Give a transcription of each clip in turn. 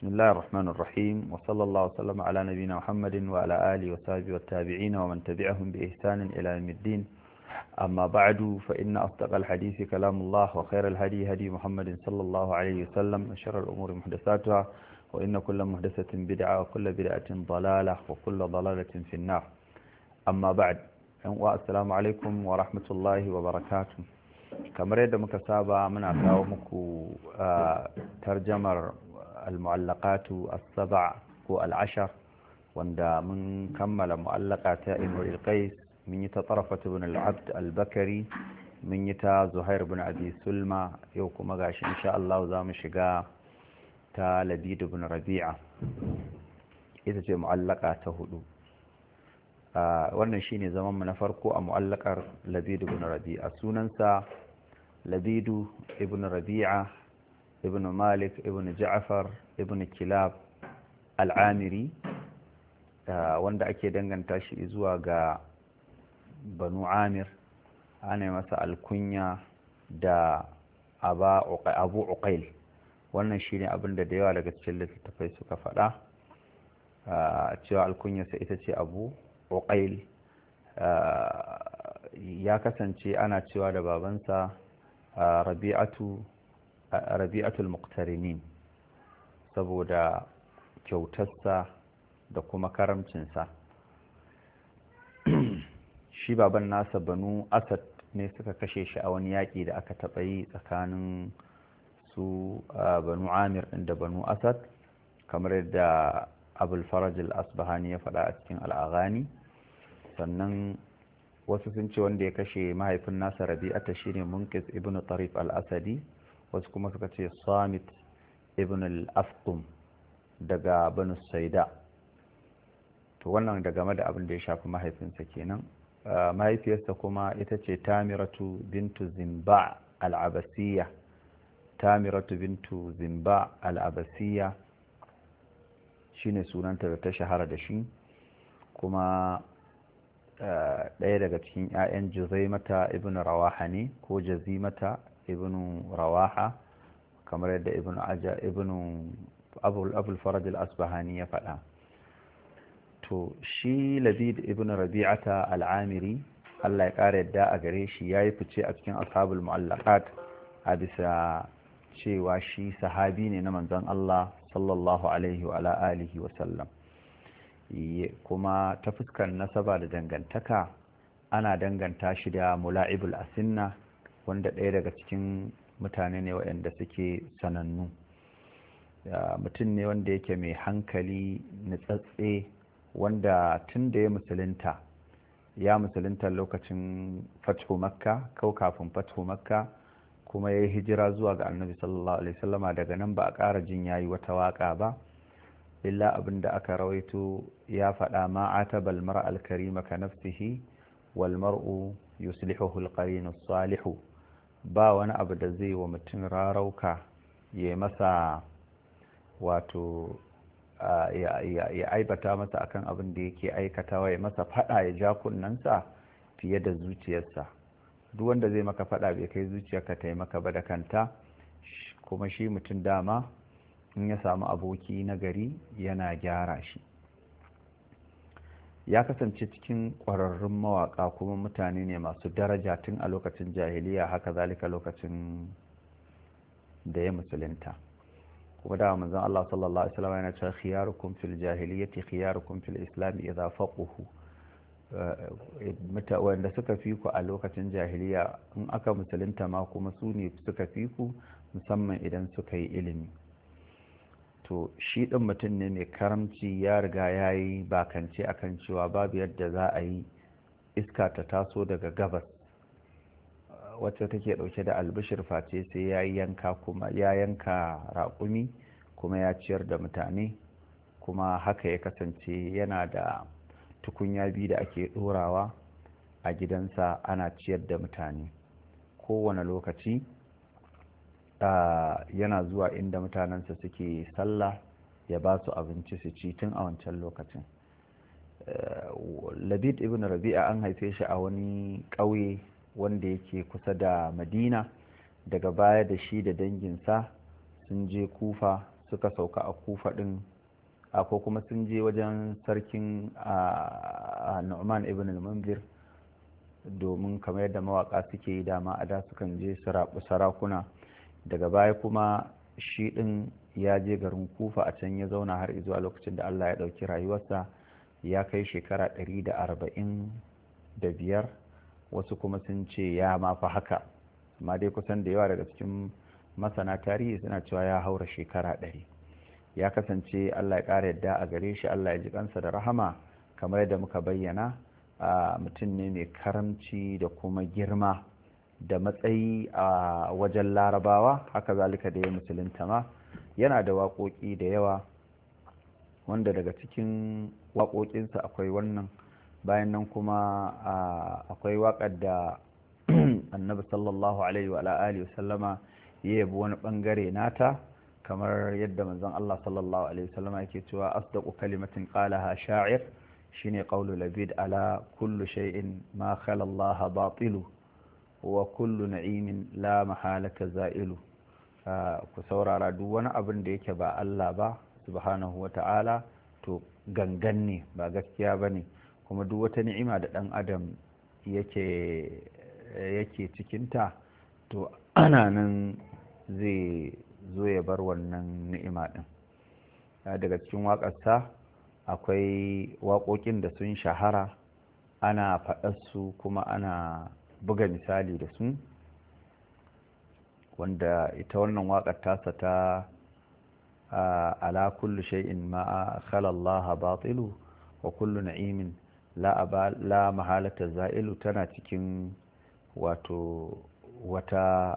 بسم الله الرحمن الرحيم وصلى الله وسلم على نبينا محمد وعلى آله وصحبه والتابعين ومن تبعهم بإحسان إلى يوم الدين أما بعد فإن أصدق الحديث كلام الله وخير الهدي هدي محمد صلى الله عليه وسلم وشر الأمور محدثاتها وإن كل محدثة بدعة وكل بدعة ضلالة وكل ضلالة في النار أما بعد السلام عليكم ورحمة الله وبركاته kamar yadda muka saba muna kawo muku tarjamar al-mu'allaqatu as-sab' ko al-ashar wanda mun kammala mu'allaqa ta Imrul Qais mun yi ta Tarafat ibn al mun yi ta Zuhair bin abisulma yau kuma gashi insha Allah za shiga ta Labid ibn Rabi'a ita ce mu'allaka ta hudu wannan shine zaman mu na farko a mu'allakar Labid ibn Rabi'a sunansa Labidu ibn Rabi'a مالك malik جعفر ja'far كلاب kilab al'amiri uh, wanda ake danganta shi zuwa ga banu انا ana masa alkunya da abu عقيل wannan shi ne abinda da yawa daga cikin littattafai suka faɗa uh, cewa alkunyarsa ita ce abu uqail uh, ya kasance ana cewa da babansa rabi'atu rabi'atul muqtarimin saboda kyautarsa da kuma karamcinsa shi baban nasa banu asad ne suka kashe shi a wani yaƙi da aka taɓa yi tsakanin su banu amir ɗin da banu asad kamar yadda abulfaraj asbahani ya faɗa a cikin al'aghani sannan wasu sun ce wanda ya kashe mahaifin nasa rabi'ata shine munkis ibn tarif al-asadi wasu kuma suka ce samit ibn al-afqum daga banu saida to wannan da game da abin da ya shafi mahaifinsa kenan uh, mahaifiyarsa kuma ita ce tamiratu bintu zimba al abasiya tamiratu bintu zimba al abasiya shine sunanta da ta shahara da shi kuma uh, ɗaya daga cikin 'ya'yan mata ibn rawaha ne ko jazimata Ibnu rawaha kamar yadda ibn aja abul faraj al-asbahani ya faɗa to shi labid ibn rabi'ata al-amiri Allah ya ƙara yadda a gare shi ya yi fice a cikin ashabul mu'allaqat a bisa cewa shi sahabi ne na manzon Allah sallallahu alaihi wa ala alihi wa sallam kuma ta fuskar nasaba da dangantaka ana danganta shi da mula'ibul asinna wanda ɗaya daga cikin mutane ne waɗanda suke sanannu mutum ne wanda yake mai hankali nutsatse wanda tun da ya musulunta ya musulunta lokacin fathu makka kau kafin fathu makka kuma ya yi hijira zuwa ga annabi sallallahu alaihi wasallama daga nan ba a ƙara jin yayi wata waƙa ba illa abin da aka rawaito ya faɗa ma ta balmar alkarima ka nafsihi walmar'u yuslihuhu al salihu ba wani abu da zai wa mutum rarauka ya masa wato ya aibata masa akan abin da yake aikatawa ya masa fada ya ja kunnensa fiye da zuciyarsa duk wanda zai maka fada bai kai zuciyarka ka taimaka ba da kanta kuma shi mutum dama in ya samu aboki na gari yana gyara shi ya kasance cikin ƙwararrun mawaƙa kuma mutane ne masu daraja tun a lokacin jahiliya haka zalika lokacin da ya musulunta kuma da manzon Allah sallallahu alaihi wasallam yana cewa khiyarukum fil jahiliyyati khiyarukum fil islam idza faquhu eh, wanda suka fi ku a lokacin jahiliya in aka musulunta ma kuma su ne suka fi ku musamman idan suka yi ilimi to shi ɗin mutum ne mai karamci ya riga ya yi bakance kan cewa babu yadda za a yi iska ta taso daga gabas wacce take ɗauke da albishir face sai ya yanka kuma ya yanka raƙumi kuma ya ciyar da mutane kuma haka ya kasance yana da tukunya biyu da ake ɗorawa a gidansa ana ciyar da mutane kowane lokaci yana zuwa inda mutanensa suke sallah ya ba su abinci su ci tun a wancan lokacin eh, labid ibn rabi'a an haife shi a wani ƙauye wanda yake kusa da madina daga baya da shi da danginsa sun je kufa suka sauka a kufa ɗin ko kuma sun je wajen sarkin nu'man ibn al-munzir domin kamar yadda mawaka suke yi dama a da sukan je sarakuna daga baya kuma shi ɗin ya je garin kufa a can ya zauna har izuwa lokacin da allah ya ɗauki rayuwarsa ya kai shekara ɗari da arba'in da biyar wasu kuma sun ce ya mafi haka amma dai kusan da yawa daga cikin masana tarihi suna cewa ya haura shekara ɗari ya kasance allah ya ƙara yadda a gare shi allah ya ji kansa da rahama kamar yadda muka bayyana mutum ne mai karamci da kuma girma da matsayi a wajen larabawa haka zalika da ya musulunta ma yana da waƙoƙi da yawa wanda daga cikin waƙoƙinsa akwai wannan bayan nan kuma akwai waƙar da annabi sallallahu alaihi wa alihi wasallama ya yabi wani ɓangare nata kamar yadda manzon Allah sallallahu alaihi wasallama yake cewa asdaqu kalimatin qalaha sha'ir shine qawlu labid ala kullu shay'in ma khala Allah batilu wa kullu na'imin la mahalaka za'ilu ku saurara duk wani abin da yake ba Allah ba subhanahu wa ta'ala to gangan ne ba gaskiya ba ne kuma duk wata ni'ima da ɗan adam yake cikinta to ana nan zai zo ya bar wannan ni'ima ɗin daga cikin waƙarsa akwai waƙoƙin da sun shahara ana faɗarsu kuma ana buga misali da su wanda ita wannan waƙar tasa ta ala kullu shay'in ma khalallaha batilu wa kullu na'imin la mahalata za'ilu tana cikin wato wata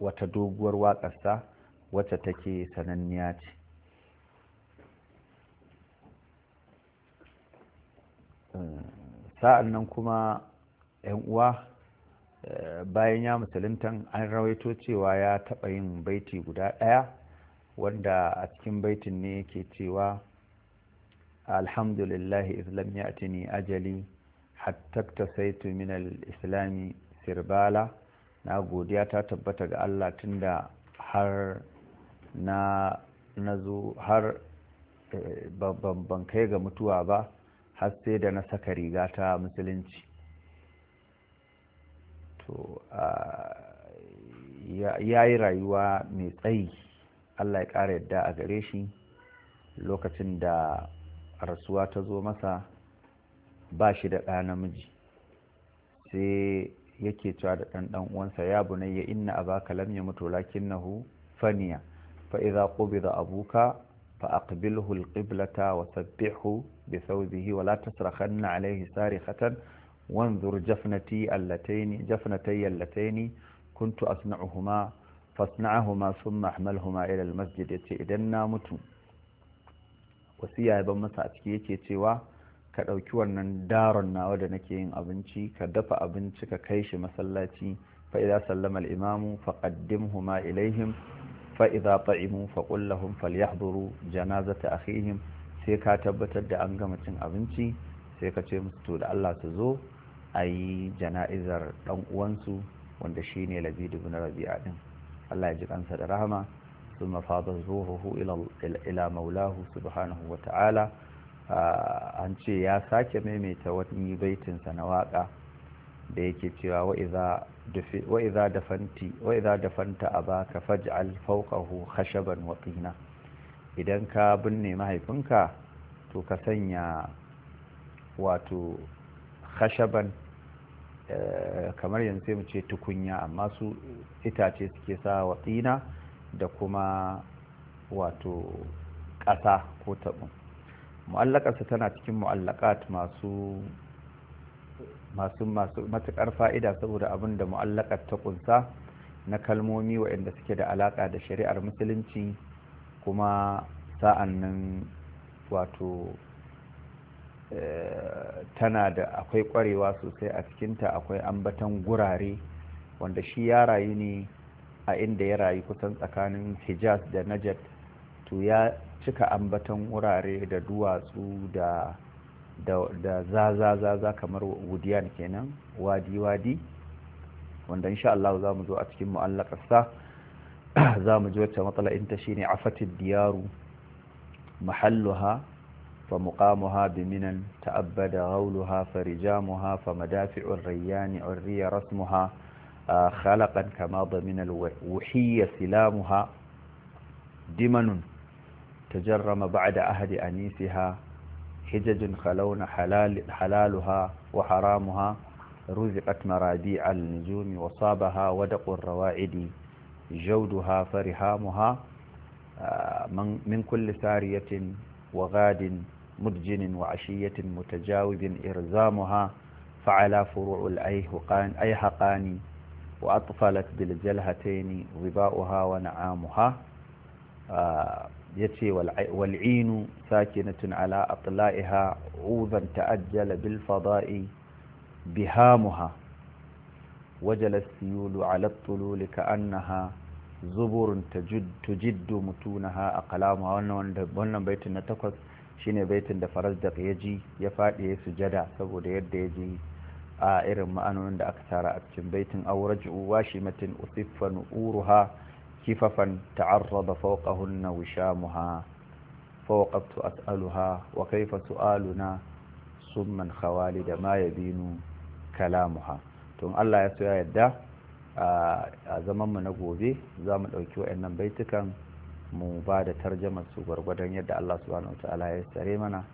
wata doguwar waƙarsa wacce take sananniya ce sa'an nan kuma 'yan uwa eh, bayan ya musuluntan an rawaito cewa ya taɓa yin baiti guda ɗaya wanda a cikin baitin ne yake cewa alhamdulillahi islam ya tini ajali hattakta saitu min islami sirbala na godiya ta tabbata ga allah tunda har na nazo har eh, ban kai ga mutuwa ba har sai da na saka riga ta musulunci wato ya yi rayuwa mai tsayi allah ya ƙara yadda a gare shi lokacin da rasuwa ta zo masa ba shi da ɗa namiji sai yake cewa da ɗan ɗan uwansa ya bunayya inna ya lam na hu faniya fa idza qubida abuka fa aqbilhu alqiblata wa sabbihu bi thawbihi wa la tasrakhanna alayhi sarihatan wanzur jafnati allataini jafnatai allataini kuntu asna'uhuma fasna'ahuma thumma ahmalhuma ila almasjid yace idan na mutu wasiya ya ban masa a yake cewa ka ɗauki wannan daron nawa da nake yin abinci ka dafa abinci ka kai shi masallaci fa idza sallama al-imamu fa qaddimhuma ilaihim fa idza ta'imu fa qul lahum falyahduru janazata akhihim sai ka tabbatar da an gama cin abinci sai ka ce musu to da Allah su zo a yi jana'izar ɗan uwansu wanda shine ne labidu bin rabi'a ɗin allah ya ji kansa da rahama sun mafada ruhuhu ila maulahu subhanahu wa ta'ala an ce ya sake maimaita wani baitinsa na waka. da yake cewa wa'iza dafanta a baka faj'al alfaukahu khashaban wa qina idan ka binne mahaifinka to ka sanya wato khashaban Eh, kamar yanzu sai mu ce tukunya amma su itace suke sa wa tsina da kuma wato ƙasa ko taɓo mu'allakarsa tana cikin mu'allakat masu masu masu matuƙar fa'ida saboda abin da mu'allakar ta ƙunsa na kalmomi waɗanda suke da alaƙa da shari'ar musulunci kuma sa'an nan wato Eh, tana da akwai ƙwarewa sosai a cikinta akwai ambatan gurare wanda shi ya rayu ne a inda ya rayu kusan tsakanin hijaz da najat to ya cika ambatan wurare da duwatsu da da zaza zaza kamar wudiyan kenan wadi wadi wanda insha Allah za mu zo a cikin mu'allakarsa za mu ji wacce matsala in shine afatid diyaru mahalluha فمقامها بمنن تأبد غولها فرجامها فمدافع الريان عري رسمها آه، خلقا كما ضمن الوحي سلامها دمن تجرم بعد أهد أنيسها حجج خلون حلال حلالها وحرامها رزقت مراديع النجوم وصابها ودق الروائد جودها فرهامها آه، من كل سارية وغاد مدجن وعشية متجاوب إرزامها فعلى فروع الأيهقان أيهقان وأطفلت بالجلهتين ظباؤها ونعامها آه، يتي والعين ساكنة على أطلائها عوذا تأجل بالفضاء بهامها وجل السيول على الطلول كأنها زبر تجد, تجد متونها أقلامها ونبيت نتقص shine baitin da da ya ji ya faɗi ya sujada saboda yadda ya ji a irin ma'anonin da aka tara a cikin baitin shi matin usiffan uruha kifafan ha fawqahunna wishamuha fawqaftu as'aluha wa kayfa su'aluna summan da ma ya mu kalamuha tun Allah ya so ya yadda a zaman mu na gobe za mu ɗauki waƴannan baitukan mu ba da tarjamar su gwargwadon yadda Allah subhanahu wataala ya tsare mana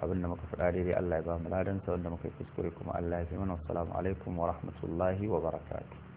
abin da muka faɗa daidai Allah ya ba mu ladansa wanda muka yi kuskure kuma Allah ya fi mana assalamu alaikum wa rahmatullahi wa barakatuh